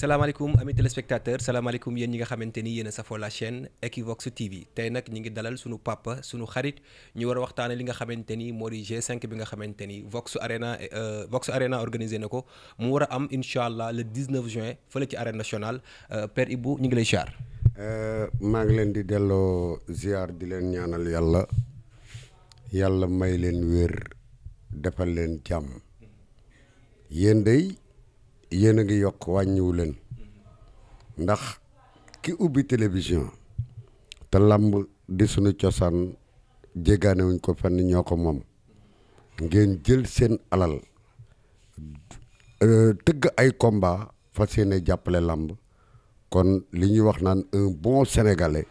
salaamaaleykum amis téléspectateurs salaamaaleykum yéen ñi nga xamante ni yéen a safoo la chaîne Equivox TV tey nag ñi ngi dalal suñu papa suñu xarit ñu war a waxtaane li nga xamante ni moo di g bi nga xamante ni Vox Arena euh, Vox Arena organisé na ko mu war a am incha allah le 19 juin fële ci arène national euh, per Ibou ñu ngi lay char euh, maa ngi leen di delloo ziar di leen ñaanal yàlla yàlla may leen wér defal leen jàmm yéen day yéen a ngi yokk wàññiwu leen ndax ki ubbi télévision te làmb di sunu cosaan jéggaane ko fenn ñoo ko moom ngeen jël seen alal euh, tëgg ay combat fas yéene jàppale làmb kon li ñuy wax naan un bon sénégalais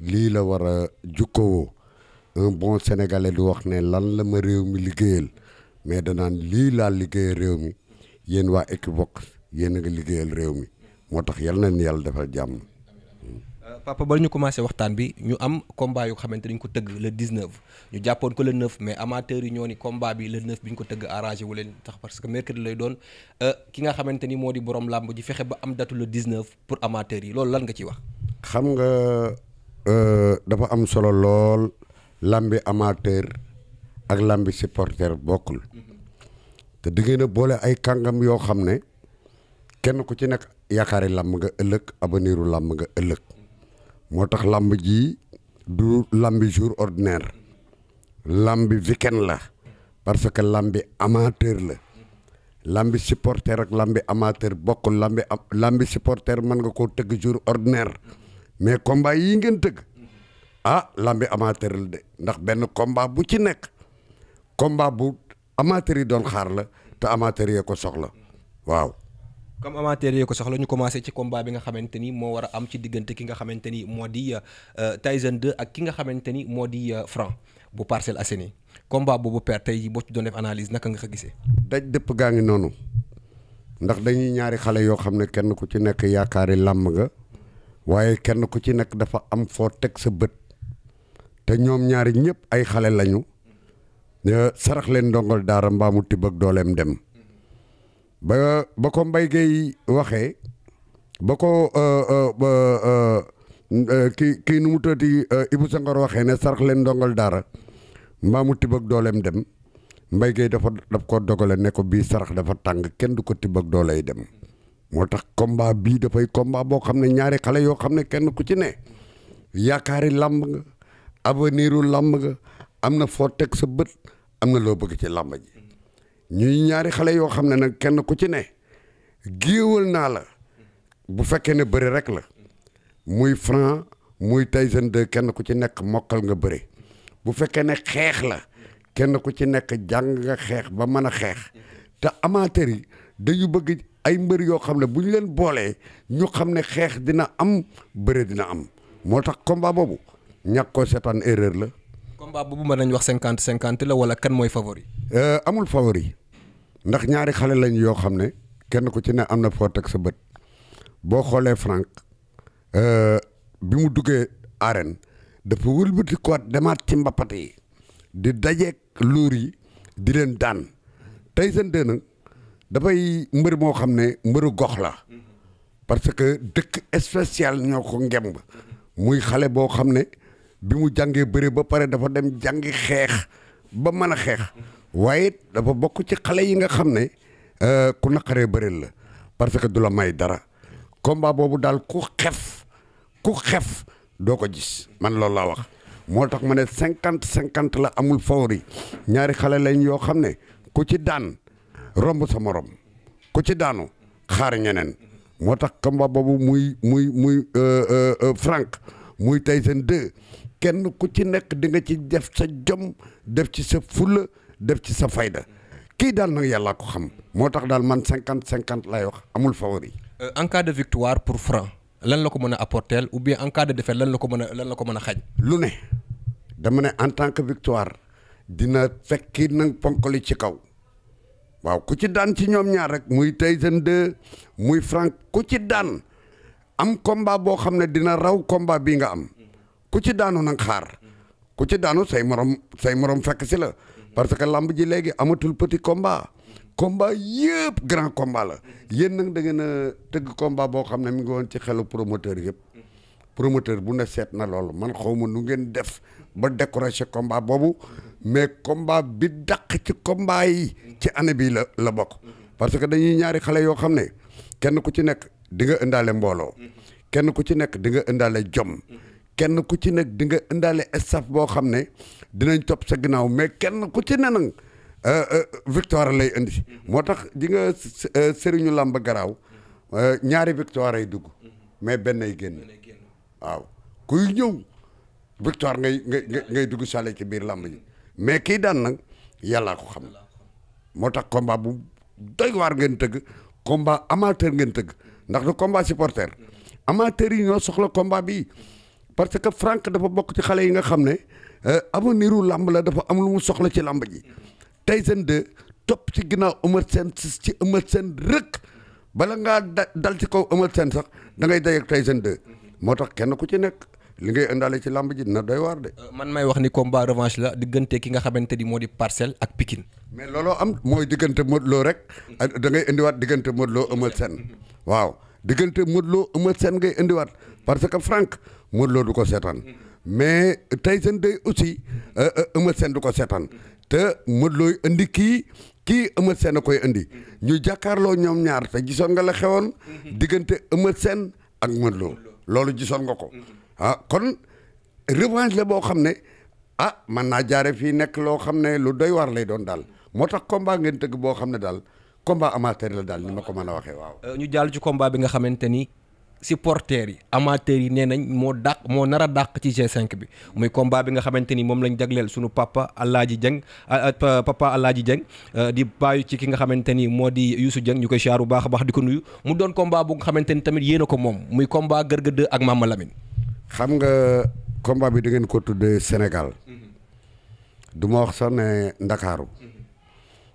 lii la war a jukkowoo un bon sénégalais du wax ne lan la ma réew mi liggéeyal mais danaan lii laa liggéeyal réew mi yéen waa Equivox yéen a nga liggéeyal réew mi moo tax yal na ni yàlla defal jàmm. Euh, papa ba ñu commencé waxtaan bi ñu am combat yoo xamante dañ ko tëgg le 19 ñu jàppoon ko le 9 mais amateurs yi ñoo ni combat bi le 9 bi ñu ko tëgg arrangé wu leen tax parce que mercredi lay doon euh, ki nga xamante ni moo di borom làmb ji fexe ba am datu le 19 pour amateurs yi loolu lan nga ci wax. xam nga euh, dafa am solo lool làmbi amateur ak làmbi supporter bokkul. te ngeen a boole ay kàngam yoo xam ne kenn ku ci nekk yaakaari làmb nga ëllëg aveniru làmb nga ëllëg moo tax làmb ji du làmbi jour ordinaire làmbi weekend la parce que làmbi amateur la làmbi supporter ak làmbi amateur bokkul làmbi am làmbi supporter mën nga koo tëgg jour ordinaire mais combat yii ngeen tëgg ah làmbi amateur la de ndax benn combat bu ci nekk combat bu amateurs yi doon xaar la te amateurs yee ko soxla waaw. comme amateur yi ko soxla ñu commencé ci combat bi nga xamante ni moo war a am ci diggante ki nga xamante ni moo di euh, Tyson de ak ki nga xamante ni moo di euh, Franc bu Parcelles Assainies combat boobu père tey boo ci doon def analyse naka nga ka gisee. daj dëpp gaa ngi noonu ndax dañuy ñaari xale yoo xam ne kenn ku ci nekk yaakaari làmb nga waaye kenn ku ci nekk dafa am foo teg sa bët te ñoom ñaari ñëpp ay xale lañu sarax leen ndongol daara mbaamu tibb ak dooleem dem ba ba ko mbay Gueye waxee ba ko uh, uh, uh, kii kii nu mu tëddi Ibou Senghor waxee ne sarax leen ndongol daara mbaamu tibb ak dooleem dem Mbaye Gueye dafa daf ko dogale ne ko bii sarax dafa tàng kenn du ko tibb ak dooley dem moo tax combat bii dafay combat boo xam ne ñaari xale yoo xam ne kenn ku ci ne yaakaari làmb nga aveniru làmb nga am na foo teg sa bët am na loo bëgg ci làmb ji ñuy ñaari xale yoo xam ne nag kenn ku ci ne géewal naa la bu fekkee ne bëri rek la muy Franc muy Tyson 2 kenn ku ci nekk mokkal nga bëri bu fekkee ne xeex la kenn ku ci nekk jàng nga xeex ba mën a xeex te amateur yi dañu bëgg ay mbër yoo xam ne bu ñu leen boolee ñu xam ne xeex dina am bëre dina am moo tax combat boobu ñàkk koo seetaan erreur la combat boobu mën nañ wax cinquante cinquante la wala kan mooy favori. Euh, amul favori ndax ñaari xale lañ yoo xam ne kenn ku ci ne am na foo teg sa bët boo xoolee Franc euh, bi mu duggee arène dafa wëlbati ko demaat ci mbappat yi di dajeeg luur yi di leen daan tey seen dee dafay mbër moo xam ne mbëru gox la mhm. parce que dëkk spécial ñoo ko ngemb muy xale boo xam ne bi mu jàngee bëre ba pare dafa dem jàngi xeex ba mën a xeex waaye dafa bokk ci xale yi nga xam ne euh, ku naqaree bëreel la parce que du la may dara combat boobu daal ku xef ku xef doo ko gis man loolu laa wax moo tax ma ne cinquante cinquante la amul favori ñaari xale lañ yoo xam ne ku ci daan romb sa morom ku ci daanu xaar ñeneen moo tax combat boobu muy muy muy euh, euh, Frank muy Tyson 2 kenn ku ci nekk di nga ci def sa jom def ci sa fulla def ci sa fayda kii daal nag yàllaa ko xam moo tax daal man cinquante cinquante lay wax amul favori. Euh, en cas de victoire pour Franc lan la ko mën a apporter ou bien en cas de lan la ko mën a lan la ko mën a xaj. lu ne dama ne en tant que victoire dina fekki nag ponkali ci kaw waaw ku ci daan ci ñoom ñaar rek muy Tyson 2 muy Franc ku ci daan am combat boo xam ne dina raw combat bii nga am. ku ci daanu nag xaar ku ci daanu say morom say morom fekk si la parce que lamb ji léegi amatul petit combat combat yëpp grand combat la yéen nag da ngeen a tëgg combat boo xam ne mi ci xelu promoteur yëpp promoteur bu ne seet na loolu man xaw ma nu ngeen def ba décourager combat boobu mais combat bi dàq ci combat yi ci année bii la la bokk parce que dañuy ñaari xale yoo xam ne kenn ku ci nekk di nga indaale mbooloo kenn ku ci nekk di nga indaale jom kenn ku ci nekk di nga indaale staff boo xam ne dinañ topp sa ginnaaw mais kenn ku ci ne nag euh, euh, victoire lay indi moo tax di nga euh, sëriñu làmb garaaw ñaari victoire yi dugg mais benn ay génn waaw kuy ñëw victoire ngay ngay dugg sale ci biir làmb yi mais kii daan nag yàllaa ko xam moo tax combat bu doy waar ngeen tëgg combat amateur ngeen tëgg ndax du combat supporter mm-hmm. amateur yi ñoo soxla combat bii parce que Franck dafa bokk ci xale yi nga xam ne euh, avenir niru làmb la dafa am lu mu soxla ci làmb ji Tyson 2 topp ci ginnaaw Eumeu Sène ci Eumeu Sène rëkk bala ngaa da dal ci kaw Eumeu Sène sax da ngay day ak Tyson 2 moo tax kenn ku ci nekk li ngay indaale ci làmb ji na doy waar de. Euh, man may wax ni combat revanche la diggante ki nga xamante ni moo di Parcelles ak Pikine. mais looloo am mooy diggante Modou Lo rek da ngay indiwaat diggante Modou Lo Eumeu Sène waaw diggante Modou Lo Eumeu ngay indiwaat parce que Franck. Modou loo du ko seetaan mm-hmm. mais Tyson 2 aussi euh, euh, Eumeu seen du ko seetaan mm-hmm. te Modou Lo indi kii kii Eumeu Sène koy indi mm-hmm. ñu jàkkaarloo ñoom ñaar te gisoon nga la xewoon diggante Eumeu seen ak Modou Lo loolu jisoon nga ko ah kon revanche la boo xam ne ah man naa jaare fii nekk loo xam ne lu doy waar lay doon daal moo tax combat ngeen tëgg boo xam ne daal combat amateur la daal ni ma ko mën a waxee euh, ñu jàll ci combat bi nga xamante ni. supporters yi amateurs yi nee nañ moo dàq moo nar a dàq ci G5 bi muy combat bi nga xamante ni moom lañ jagleel sunu papa Alaaji Dieng papa Alaaji Dieng euh, di bàyyi ci ki nga xamante ni moo di Youssou Dieng ñu koy siyaar bu baax a baax di ko nuyu mu doon combat bu nga xamante ni tamit yéen a ko moom muy combat Garga 2 ak Mama Lamine. xam nga combat bi da ngeen ko tuddee Sénégal mm-hmm. du ma wax sax Ndakaaru mm-hmm.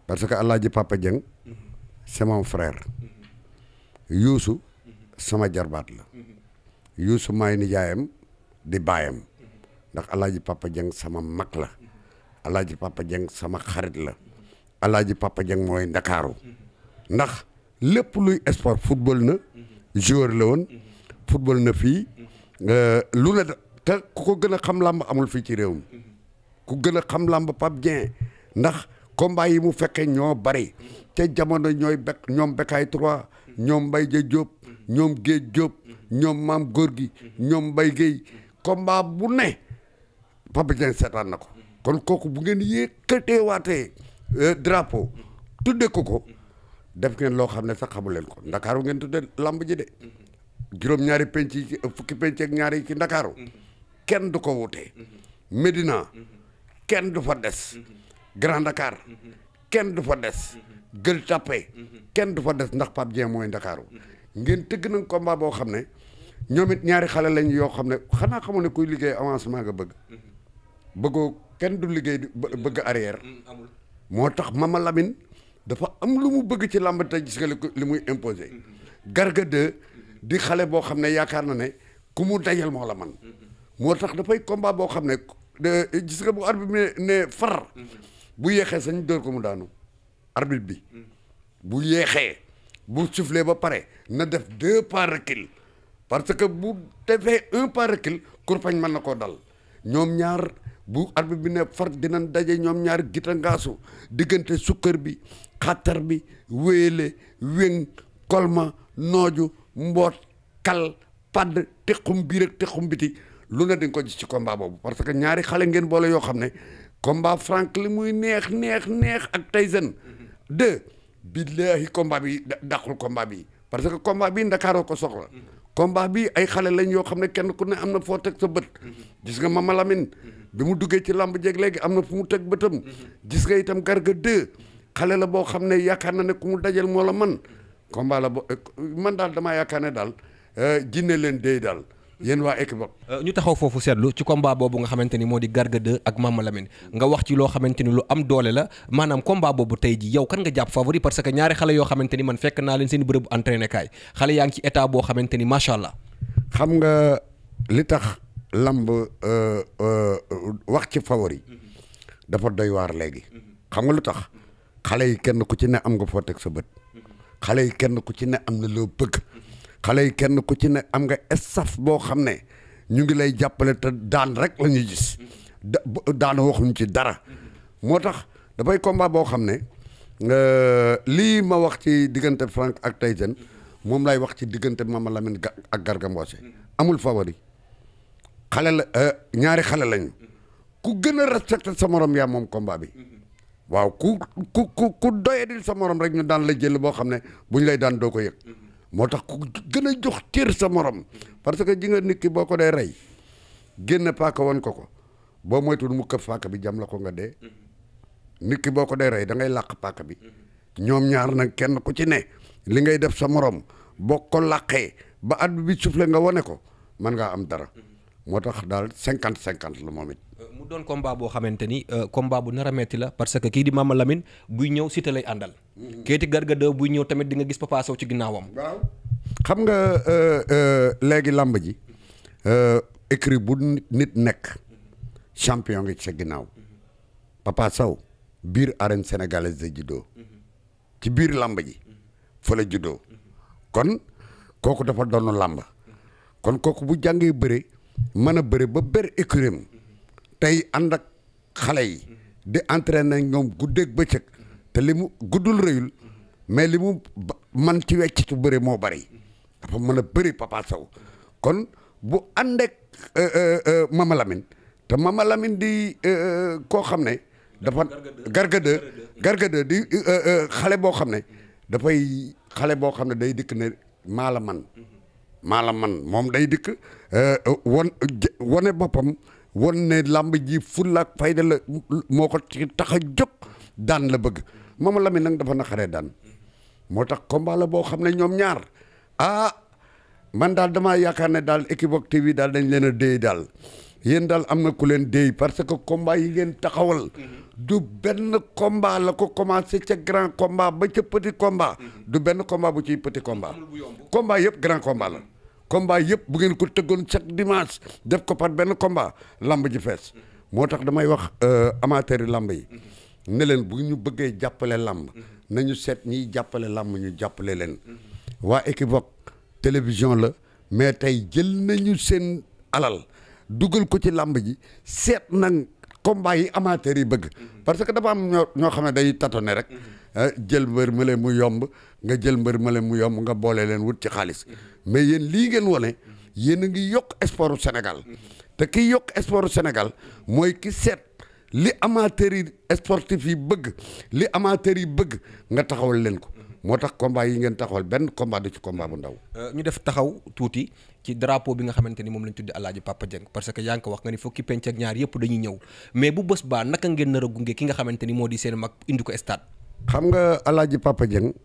parce que Alaaji papa Dieng mm-hmm. c'est mon frère Youssou. sama jarbaat la Youssou maay nijaayam di baayam ndax alaaji Papa Dieng sama mag la alaaji Papa Dieng sama xarit la alaaji Papa Dieng mooy ndakaaru ndax lépp luy sport football na joueur la woon football na fii euh, lu ne te ku ko gën a xam làmb amul fii ci réew ku gën a xam làmb Pape Dieng ndax combat yi mu fekke ñoo bari te jamono ñooy bek ñoom bekaay trois ñoom Mbaye ja Diop ñoom Géej Diop ñoom maam góor gi ñoom Mbaye Guèye combat bu ne Papa Dieng seetaan na ko kon kooku bu ngeen yëkkatee waatee euh, drapeau tudde ko ko def ngeen loo xam ne sax xamu leen ko ndakaaru ngeen tudde lamb ji de juróom-ñaari penc yi ci fukki penc ñaari ci ndakaaru kenn du ko wutee Médina kenn du fa des Grand Dakar kenn du fa des. gël tàppe. kenn du fa des ndax Pape Dieng mooy Ndakaaru. ngeen tëgg nañ komba boo xam ne ñoomit ñaari xale lañ yoo xam ne xanaa xamoo ne kuy liggéey avancement nga bëgg. bëggoo kenn du liggéey bëgg arrière. Mm, moo tax ma ma Lamine dafa am lu mu bëgg ci làmb te gis nga li muy imposé. Mm-hmm. Garga 2 mm-hmm. di xale boo xam ne yaakaar na ne ku mu dajal moo la man mm-hmm. moo tax dafay combat boo xam ne gis nga bu arbitre bi ne far. bu yéexee sañ dóor ko mu daanu arbitre bi hmm. bu yéexee bu soufflé ba pare na def deux par recul parce que bu defee un pas recul kurpañ mën na koo dal ñoom ñaar bu arbitre bi ne far dina daje ñoom ñaar gita ngaasu diggante sukkër bi xatar bi wéele wéng kolma nooju mboot kal padd tequm biir ak tequm biti lu ne dañ ko gis ci combat boobu parce que ñaari xale ngeen boole yoo xam ne combat Frank li muy neex neex neex ak Tyson deux billahi combat bi dàqul combat bi parce que combat bi ndakaaroo ko soxla combat bi ay xale lañ yoo xam ne kenn ku ne am na foo teg sa bët gis nga Mama Lamine bi mu duggee ci làmb jeeg léegi am na fu mu teg bëtam gis nga itam Garga 2 xale la boo xam ne yaakaar na ne ku mu dajal moo la man combat la boo man daal damaa yaakaar ne daal euh, jinne leen dey daal yéen waa Equivox. Euh, ñu taxaw foofu seetlu ci combat boobu nga xamante ni moo di Garga 2 ak Mama Lamine nga wax ci loo xamante ni lu am doole la maanaam combat boobu tey ji yow kan nga jàpp favori parce que ñaari xale yoo xamante ni man fekk naa leen seen bërëbu entraîné kaay xale yaa ngi ci état boo xamante ni allah. xam nga li tax lamb euh, euh, wax ci favori dafa doy waar léegi. xam nga lu tax xale yi kenn ku ci ne am nga foo teg sa bët. xale yi kenn ku ci ne am na loo xale yi kenn ku ci ne am nga staff boo xam ne ñu ngi lay jàppale te daan rek la ñuy gis da daan waxuñ ci dara moo tax dafay combat boo xam ne euh, lii ma wax ci diggante Franc ak Tyson moom lay wax ci diggante Mama Lamine ak Garga Mbossé amul favori xale la euh, ñaari xale lañu ku gën a respecté sa morom yaa moom combat bi waaw ku ku ku ku doyadil sa morom rek ñu daan la jël boo xam ne bu ñu lay daan doo ko yëg moo tax ku gën a jox cër sa morom parce que ji nga nit ki boo ko dee rey génn paaka wan ko ko boo moytuwul mu këf paaka bi jam la ko nga dee nit ki boo ko dee rey da ngay làq paaka bi ñoom ñaar nag kenn ku ci ne li ngay def sa morom boo ko làqee ba at bi soufflé nga wane ko mën ngaa am dara moo tax daal cinquante cinquante lu moom it. Euh, mu doon combat boo xamante ni euh, combat bu nar a metti la parce que kii di ma Lamine buy ñëw Siteu lay àndal. Mm-hmm. keeti garga buy ñëw tamit di nga gis Papa Sow ci ginnaawam. xam nga euh, euh, léegi làmb ji euh, écrit bu nit nekk champion nga ci sa ginnaaw mm-hmm. Papa biir arène sénégalaise la juddoo mm-hmm. ci biir làmb ji fa la juddoo kon kooku dafa doon làmb kon kooku bu jàngee bëre mën a bëre ba ber écurim tey ànd ak xale yi di entraîner ñoom ba bëccëg. te li mu guddul rëyul mais li mu man ci wecc ci bëri moo bari dafa mën a bëri Papa kon bu ànd ak euh, euh, euh, te Mama Lamine di koo xam ne dafa Garga 2 di xale boo xam ne dafay xale boo xam ne day dikk ne maa la man maa la moom day dikk won wane boppam won ne làmb ji fulla ak fayda moo ko ci tax a jóg daan la bëgg Mama Lamine nag dafa naqaree daan moo tax combat la boo xam ne ñoom ñaar ah man daal damaa yaakaar ne daal équipe Equivox TV daal dañ leen a déy daal yéen daal am na ku leen déy parce que combat yi ngeen taxawal. du benn combat la ko commencé ca grand combat ba ca petit combat. du benn combat bu ciy petit combat. combat yëpp grand combat la. combat yëpp bu ngeen ko tëggoon chaque dimanche def ko par benn komba lamb ji fees moo tax damay wax euh, amateur yi lamb yi. ne leen bu ñu bëggee jàppale làmb nañu seet ñiy jàppale làmb ñu jàppale leen waa Equivox télévision la mais tey jël nañu seen alal dugal ko ci làmb ji seet na combat yi amateur yi bëgg parce que dafa am ñoo xam ne day ne rek ah, jël mbër mële mu yomb nga jël mbër mële mu yomb nga boole leen wut ci xaalis mais yéen lii ngeen wane yéen a ngi yokk sportu Sénégal te ki yokk sportu Sénégal mooy ki seet li amateur yi sportif yi bëgg li amateur yi bëgg nga taxawal leen ko moo tax combat yi ngeen taxawal benn combat du ci combat bu ndaw. Euh, ñu def taxaw tuuti ci drapeau bi nga xamante ni moom lañ tuddi Alaaji Papa Dieng parce que yaa ngi ko wax nga ni fukki penc ak ñaar yëpp dañuy ñëw mais bu bës baa naka ngeen nar gunge ki nga xamante ni moo di seen mag indi ko stade. xam nga Alaaji Papa Dieng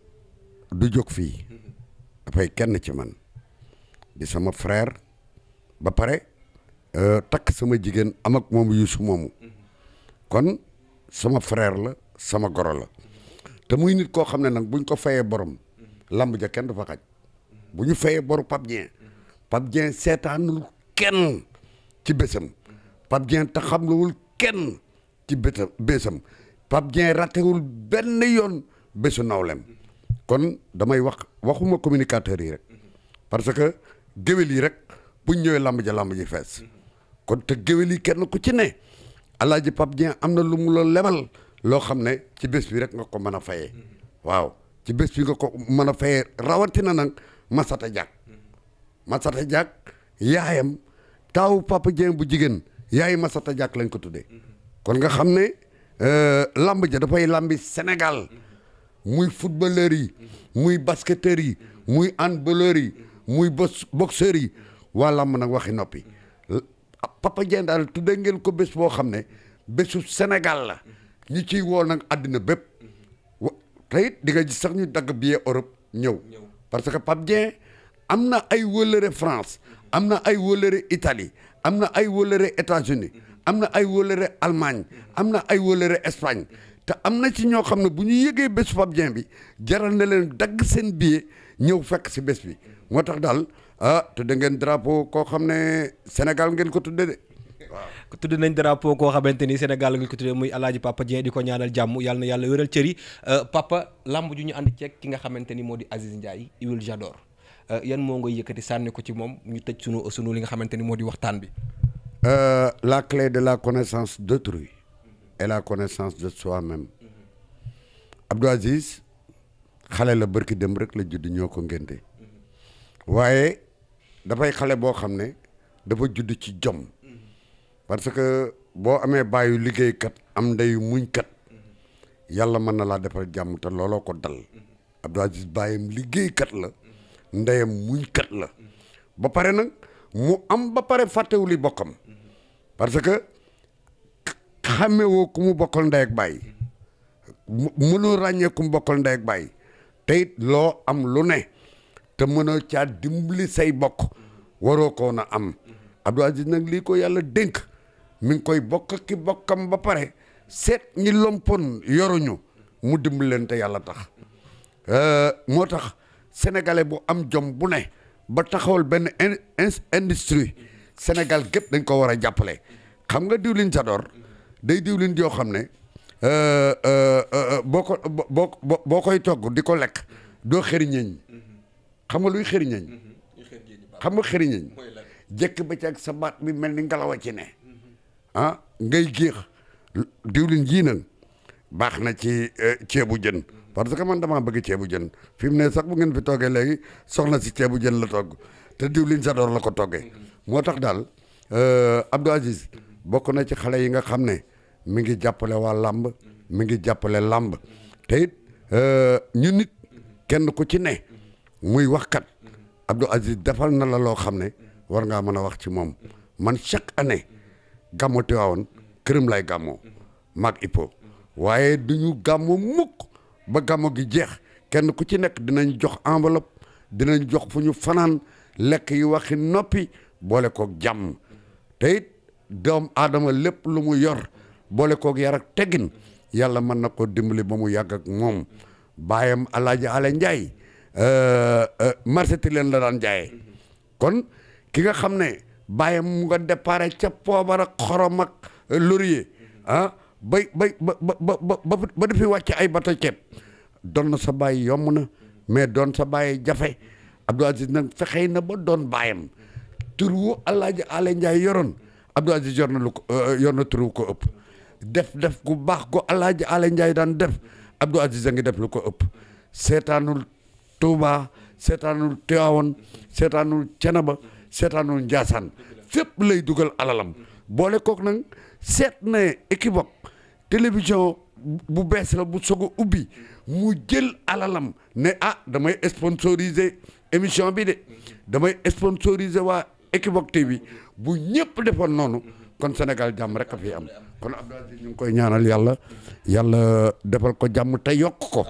du jóg fii dafay kenn ci man di sama frère ba pare euh, takk sama jigéen am ak moom kon sama freer la sama goro la te muy nit koo xam ne nag buñ ko fayee borom lamb ja kenn du fa xaj bu ñu fayee boru Pape Dieng Pape Dieng seetaanul kenn ci bésam Pape xam taxamluwul kenn ci bésam bésam Pape Dieng ratewul benn yoon bésu nawlem kon damay wax waxuma communicateurs yi rek parce que géwél yi rek buñ ñëwee lamb ja lamb ji fees kon te géwél yi kenn ku ci ne alaaji Pape Dieng am na lu mu la lebal loo xam ne ci bés bi rek nga ko mën a fayee waaw ci bés bi nga ko mën a fayee rawatina nag Massata Diack Massata Diack yaayam taawu Papa Dieng bu jigéen yaay Massata jàkk lañ ko tuddee kon nga xam ne euh, lamb ja dafay lambi senegal muy footballeur yi muy basketteur yi muy handballeur yi muy boxeur yi waa lamb nag waxi noppi Ah, Papa Dieng daal tuddee ngeen ko bés boo xam ne bésu Sénégal la ñi ci woo nag àddina bépp te it di nga gis sax ñu dagg billet Europe ñëw parce que Pape Dieng am na ay wëllëre France am na ay wëllëre Italie am na ay wëllëre États-Unis am na ay wëllëre Allemagne am na ay wëllëre Espagne te am na ci ñoo xam ne bu ñu yëgee bésu Pape Dieng bi jaral na leen dagg seen billet ñëw fekk si bés bi moo tax dal ah tudde ngeen drapeau koo xam ne Sénégal ngeen ko tudde de waaw tudd nañ drapeau koo xamante ni Sénégal ngeen ko tudde muy alaaji Papa Dieng di ko ñaanal jàmm yàlla na yàlla wéral cër yi euh, papa lamb ju ñu ànd ceeg ki nga xamante ni moo di Aziz Ndiaye iwil j'adore euh, yan moo ngay yëkkati sànni ko ci moom ñu tëj sunu sunu li nga xamante ni moo di waxtaan bi euh, la clé de la connaissance d'autrui et la connaissance de soi-même mm-hmm. Abdou Aziz xale la bërki dem rek la judd ñoo ngénte mm-hmm. dafay xale boo xam ne dafa judd ci jom parce que boo amee bàyyi liggéeykat am ndeyu muñkat yàlla mën na laa defar jàmm te looloo ko dal Abdou Aziz bàyyam liggéeykat la ndeyam muñkat la ba pare nag mu am ba pare fàttewuli bokkam parce que xamewoo ku mu bokkal ndey ak bàyyi mënoo ràññee ku mu bokkal ndey ak bàyyi te loo am lu ne te mënoo caa dimbali say bokk waroo ko na am Abdou nag lii ko yàlla dénk mu ngi koy bokk ki bokkam ba pare seet ñi lompoon yoruñu mu dimbali leen te yàlla tax euh, moo tax sénégalais bu am jom bu ne ba taxawal benn industrie Sénégal gépp dañ ko war a jàppale xam nga diwlin Sador day diwlin yoo xam ne euh, euh, boo ko boo boo koy togg di ko lekk doo xëriñeeñ xam nga luy xëriñañ mhm. xam nga xëriñañ jëkk ba ci ak sa baat bi mel ni ngelaw a ci ne ah ngay géex diwlin jii nag baax na ci eh, ceebu jën mhm. parce que man dama bëgg ceebu jën fi mu ne sax bu ngeen fi toogee léegi soxna si ceebu jën la togg te diwlin sa door la ko toggee mhm. moo tax daal eh, Abdou Aziz bokk na ci xale yi nga xam ne mi ngi jàppale waa làmb mi ngi jàppale làmb te it eh, ñu nit kenn ku ci ne muy waxkat Abdou Aziz defal na la loo xam ne war ngaa mën a wax ci moom man chaque année gàmmo Tiwaawoon këram lay gàmmoo maag Ipo waaye du ñu gàmmo mukk ba gàmmo gi jeex kenn ku ci nekk dinañ jox enveloppe dinañ jox fu ñu fanaan lekk yi waxi noppi boole kook jàmm te it doom aadama lépp lu mu yor boole kook yar ak teggin yàlla mën na ko dimbali ba mu yàgg ak moom baayam alaaji ale njaay Euh, euh, marché ti leen la daan jaayee kon ki nga xam ne baayam mu nga déparé ca poobar ak xorom ak laurier ah bay bay ba ba ba ba dafi wàcc ay bato ceeb doon na sa bàyyi yomb na mais doon sa bàyyi jafe Abdou Aziz nag fexey na ba doon baayam tur wu Alaaji Ale Njaay yoroon Abdou Aziz yor na lu ko euh, yor na tur ko ëpp def def ku baax ko Alaaji Ale Njaay daan def Abdou Aziz a ngi def lu ko ëpp seetaanul Touba seetaanul Tiwaawan seetaanul Cenaba seetaanul Njaasaan fépp lay dugal alalam boole kook nag seet na Equivox télévision bu bees la bu soog ubbi mu jël alalam ne ah damay sponsoriser émission bi de damay sponsoriser waa Equivox TV bu ñëpp defoon noonu kon Sénégal jàmm rek a fi am kon Abdou Aziz ñu ngi koy ñaanal yàlla yàlla defal ko jàmm te yokk ko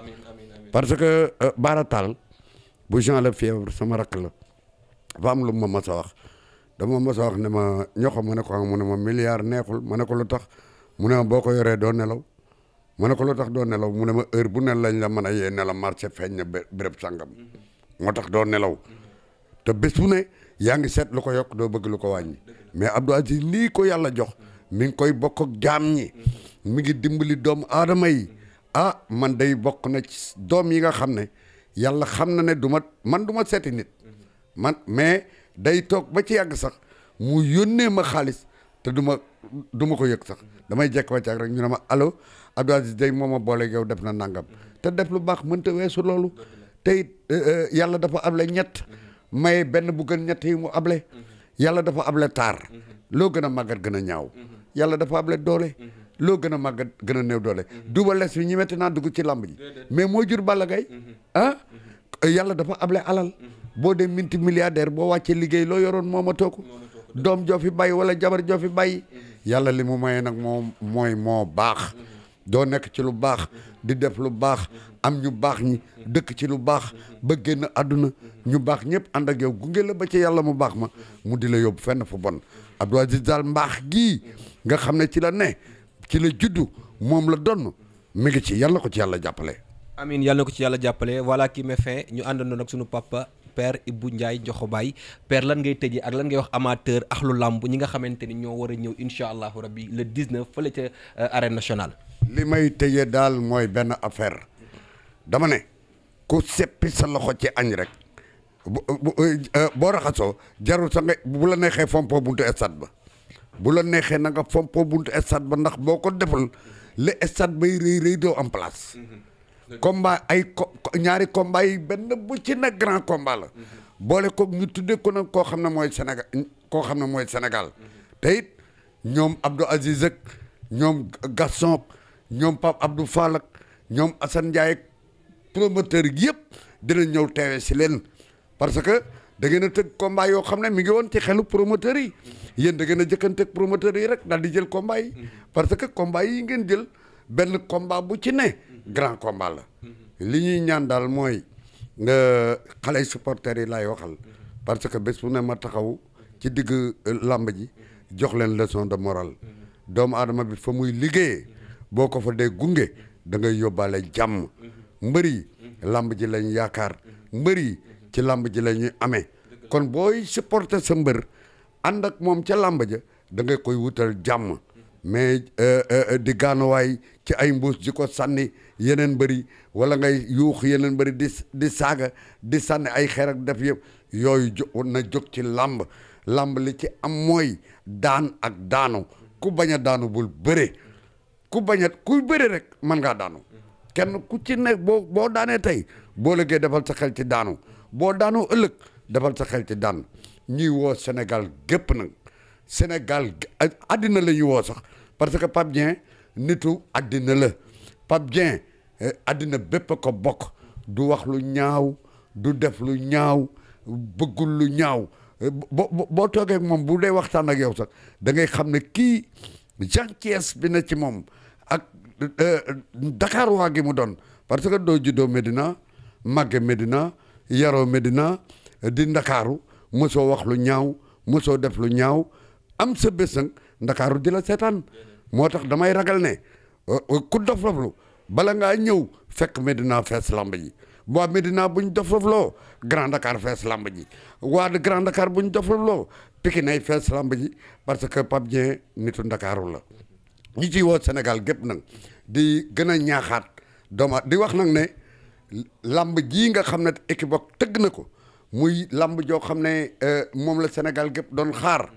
parce que euh, Baratal bu Jean Lefebvre sama rakk la dafa lu ma mas a wax dama ne ma ñoxo ma ne ko ah, mu ne ma milliard neexul ma ne ko lu tax mu ne ma boo ko yoree doo nelaw ma ne ko lu tax doo nelaw mu ne ma heure bu ne lañ la mën a yee nelaw la marché feeñ na béréb sangam moo tax doo nelaw te bés bu ne yaa ngi seet lu ko yokk doo bëgg lu ko wàññi mais Abdou Aziz lii ko yàlla jox mi ngi koy bokk ak ñi mi ngi dimbali doomu aadama yi. ah man day bokk na ci doom yi nga xam ne yàlla xam na ne du ma man duma seeti nit man mais day toog ba ci yàgg sax mu yónnee ma xaalis te duma duma ko yëg sax damay jekk ba ci rek ñu ne ma alo Abdou Aziz day moo ma boole yow def na nangam te def lu baax mënta weesu loolu te it eh, eh, yàlla dafa able ñett maye benn bu gën ñett yi mu able yàlla dafa able taar loo gën a màggat gën a ñaaw yàlla dafa able doole loo gën a màgg gën a néew doole. Mhm. Double Less bi ñi metti naa dugg ci làmb ji. mais moo jur Balla Gaye mhm. ah? yàlla dafa able alal. Mhm. boo dee minti milliardaire boo wàccee liggéey loo yoroon moomatoo ko. doom joo fi bàyyi wala jabar joo fi bàyyi. yàlla li mu maye nag moom mooy moo baax. doo nekk ci lu baax. di def lu baax. am ñu baax ñi. dëkk ci lu baax. ba génn àdduna. ñu baax ñëpp ànd ak yow gunge la ba ci yàlla mu baax ma. mu di la yóbbu fenn fu bon. Abdou Aziz daal mbaax gii. nga xam ne ci la ne. ci la juddu moom la donn mi ngi ci yàlla ko ci yàlla jàppale. amin yàlla ko ci yàlla jàppale voilà qui met fin ñu àndandoon ak sunu papa père Ibou Ndiaye baay père lan ngay tëjee ak lan ngay wax amateur ak lu làmb ñi nga xamante ni ñoo war a ñëw incha allahu rabbi le 19 fële ca euh, arène nationale. li may tëjee daal mooy benn affaire dama ne ku seppi sa loxo ci añ rek euh, euh, boo raxasoo jarul sa nga bu la neexee fompo buntu stade ba. bu la neexee na nga fompoo buntu stade ba ndax boo ko defal le stade bay rëy rëy doo am place. combat ay ñaari combat yi benn bu ci na grand combat la. boole ko ñu tuddee ko nag koo xam ne mooy senegal koo xam ne mooy Sénégal. te ñoom Abdou Aziz ñoom Gaston ñoom Pape Abdou Fall ñoom Assane Ndiaye ak promoteur yëpp dina ñëw teewe si leen parce que. da ngeen a tëgg combat yoo xam ne mi ngi woon ci xelu promoteur yi yéen da ngeen a jëkkante ak promoteur yi rek daal di jël combat yi parce que combat yi ngeen jël benn combat bu ci ne grand combat la li ñuy ñaan daal mooy nga xale supporters yi laay waxal parce que bés su ne ma taxaw ci diggu euh, làmb ji jox leen leçon de morale doomu aadama bi fa muy liggéeyee boo ko fa dee gunge da ngay yóbbaale jàmm mbëri làmb ji lañ yaakaar mbëri ci làmb ji la ñuy amee kon booy supporter sa mbër ànd ak moom ca làmb ja dangay koy wutal jàmm mais euh, euh, di gaanuwaay ci ay mbuus di ko sànni yeneen bëri wala ngay yuux yeneen bëri di saaga di sànni ay xeer def yëpp yooyu jo na jóg ci làmb làmb li ci am mooy daan ak daanu ku bañ a daanu bul bëre ku bañ a ku bëre rek mën ngaa daanu kenn ku ci nekk boo daanee tey boo lëggee defal sa xel ci daanu boo daanoo ëllëg defal sa xel ci daan ñuy woo Sénégal gépp nag Sénégal àddina la ñuy woo sax parce que Pape Dieng nitu addina la Pape Dieng eh, àddina bépp ko bokk du wax lu ñaaw du def lu ñaaw bëggul lu ñaaw eh, bo boo toogee moom bu dee waxtaan ak yow sax da ngay xam ne kii gentillesse bi na ci moom ak eh, Dakar waa gi mu doon parce que doo juddoo Medina màgge Medina yaroo Medina eh, di ndakaaru mosoo wax lu ñaaw mosoo def lu ñaaw am sa bés ndakaaru di la seetaan moo tax damay ragal ne eh, eh, ku dof doflu bala ngaa ñëw fekk Medina fees lamb ji waa Medina buñ dof dofloo Grand Dakar fees lamb ji waa Grand Dakar buñ dof dofloo Pikine ay fees lamb ji parce que Pape Dieng nitu ndakaaru la ñi ciy woo Sénégal gépp nag di gën a ñaaxaat dooma di wax nag ne làmb jii nga xam ne Equivox tëgg na ko muy lamb joo xam ne euh, moom la Sénégal gépp doon xaar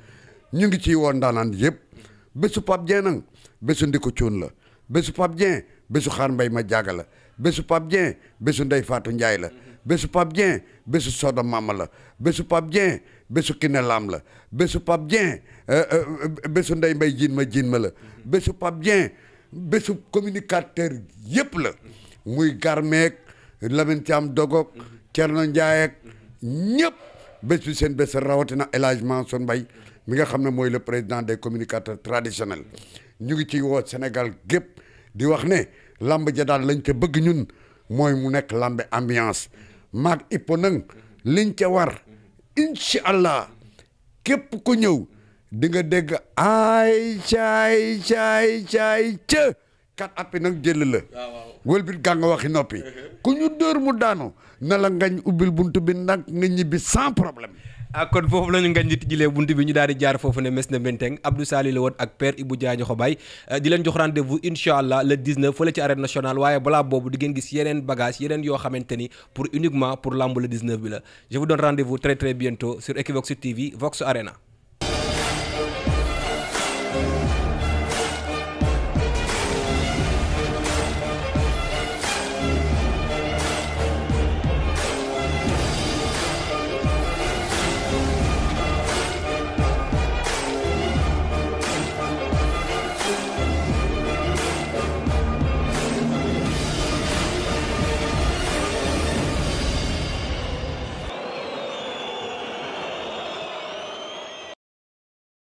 ñu ngi ci woon daanaan yëpp bésu Pape Dieng nag bésu Ndiko Cuun la bésu Pape bésu Xaar Mbay ma jaaga la bésu Pape bésu Ndey Faatu Njaay la bésu Pape Dieng bésu Soda Mama la bésu Pape Dieng bésu Kiné Lam la bésu Pape Dieng euh, euh, bésu Ndey Mbay jiin ma jiin ma la bésu Pape Dieng bésu communicateur yëpp la muy garmeek Lamine Thiam dogoog mm-hmm. Thierno Ndiaye ak ñëpp bés bi seen bés rawatina élagement Hadj Mansour mi nga xam ne mooy le président des communicateur traditionnels ñu ngi ciy woo Sénégal gépp di wax ne lamb ja daal lañ ca bëgg ñun mooy mu nekk lambe ambiance maag Ippo nag liñ ca war incha allah képp ko ñëw di nga dégg ay caay caay caay ca kat at bi nag jël la. Ah, wëlbit gaa nga waxi noppi. ku ñu dóor mu daanu. na la ngañ ubbil buntu bi nag nga ñibbi sans problème. ah kon foofu la ngañ di tijjilee buntu bi ñu daal di jaar foofu ne mes na Mbenteng Abdou Sali la woon ak père Ibou Diagne Xobay ah, di leen jox rendez-vous incha allah le 19 fële ci arène nationale waaye balaa boobu di ngeen gis yeneen bagage yeneen yoo xamante ni pour uniquement pour lamb le 19 bi la je vous donne rendez-vous très très bientôt sur Equivox